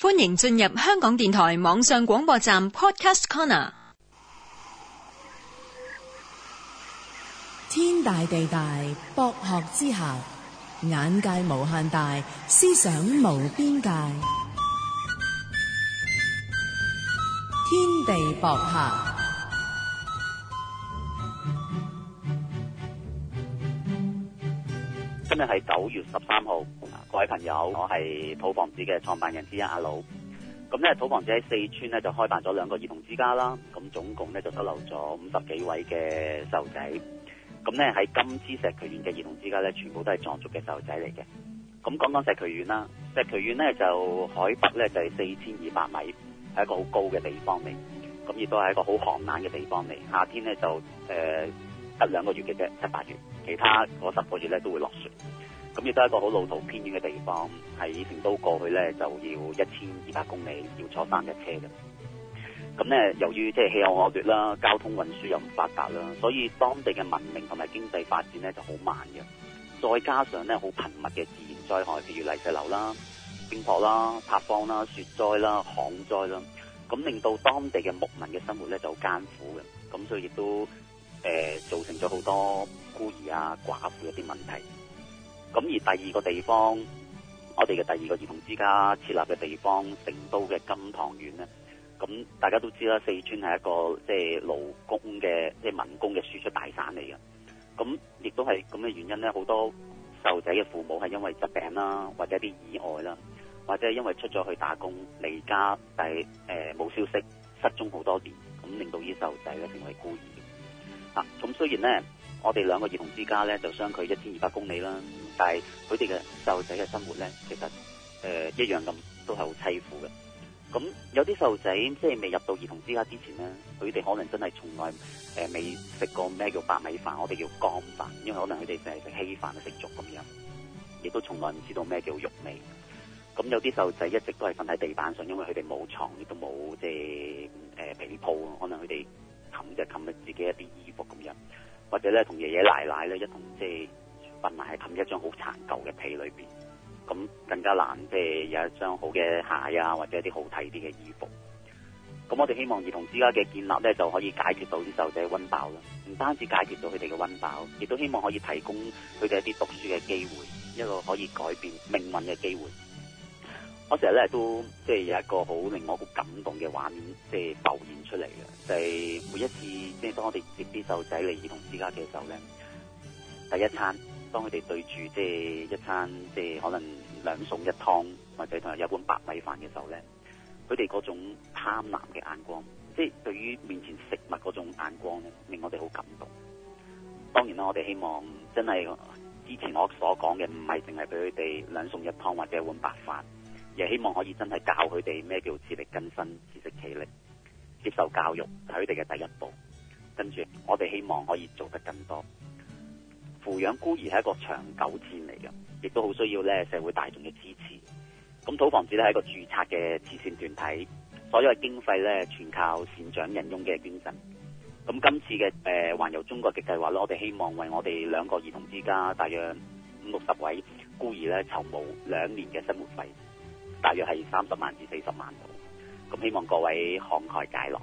歡迎進入香港電台網上廣播站 Podcast Corner。天大地大，博客之下，眼界無限大，思想無邊界。天地博客。今日係九月十三號，各位朋友，我係土房子嘅創辦人之一阿佬。咁咧，土房子喺四川咧就開辦咗兩個兒童之家啦，咁總共咧就收留咗五十幾位嘅細路仔。咁咧喺甘孜石渠縣嘅兒童之家咧，全部都係藏族嘅細路仔嚟嘅。咁講講石渠縣啦，石渠縣咧就海拔咧就係四千二百米，係一個好高嘅地方嚟，咁亦都係一個好寒冷嘅地方嚟。夏天咧就誒得兩個月嘅啫，七八月。其他嗰十個月咧都會落雪，咁亦都係一個好路途偏遠嘅地方。喺成都過去咧就要一千二百公里，要坐三日車嘅。咁咧，由於即係氣候惡劣啦，交通運輸又唔發達啦，所以當地嘅文明同埋經濟發展咧就好慢嘅。再加上咧好頻密嘅自然災害，譬如泥石流啦、冰雹啦、塌方啦、雪災啦、旱災啦，咁令到當地嘅牧民嘅生活咧就好艱苦嘅。咁所以亦都。誒、呃，造成咗好多孤兒啊、寡婦一啲問題。咁而第二個地方，我哋嘅第二個兒童之家設立嘅地方，成都嘅金堂縣咧。咁大家都知啦，四川係一個即係勞工嘅即係民工嘅輸出大省嚟嘅。咁亦都係咁嘅原因咧，好多細路仔嘅父母係因為疾病啦、啊，或者啲意外啦、啊，或者係因為出咗去打工離家但係誒冇消息失蹤好多年，咁令到啲細路仔咧成為孤兒。咁、啊、雖然咧，我哋兩個兒童之家咧就相距一千二百公里啦，但係佢哋嘅細路仔嘅生活咧，其實誒、呃、一樣咁都係好凄苦嘅。咁有啲細路仔即係未入到兒童之家之前咧，佢哋可能真係從來誒未食過咩叫白米飯，我哋叫乾飯，因為可能佢哋淨係食稀飯、啊食粥咁樣，亦都從來唔知道咩叫肉味。咁有啲細路仔一直都係瞓喺地板上，因為佢哋冇床亦都冇即係誒被鋪啊，可能佢哋冚就冚到自己一啲衣服。或者咧，同爺爺奶奶咧一同即係瞓埋喺冚一張好殘舊嘅被裏邊，咁更加難即係有一張好嘅鞋啊，或者一啲好睇啲嘅衣服。咁我哋希望兒童之家嘅建立咧，就可以解決到啲受者溫飽啦。唔單止解決到佢哋嘅溫飽，亦都希望可以提供佢哋一啲讀書嘅機會，一個可以改變命運嘅機會。我成日咧都即係有一個好令我好感動嘅畫面，即係浮現出嚟嘅就係每一次，即係當我哋接啲細路仔嚟兒童之家嘅時候咧，第一餐當佢哋對住即係一餐即係可能兩餸一湯或者同埋有一碗白米飯嘅時候咧，佢哋嗰種貪婪嘅眼光，即係對於面前食物嗰種眼光咧，令我哋好感動。當然啦，我哋希望真係之前我所講嘅唔係淨係俾佢哋兩餸一湯或者一碗白飯。亦希望可以真係教佢哋咩叫自力更生、自食其力，接受教育係佢哋嘅第一步。跟住我哋希望可以做得更多，扶養孤兒係一個長久戰嚟嘅，亦都好需要咧社會大眾嘅支持。咁土房子咧係一個註冊嘅慈善團體，所有嘅經費咧全靠善長仁翁嘅捐贈。咁今次嘅誒環遊中國嘅計劃咧，我哋希望為我哋兩個兒童之家，大約五六十位孤兒咧籌募兩年嘅生活費。大約係三十萬至四十萬度，咁希望各位慷慨解囊。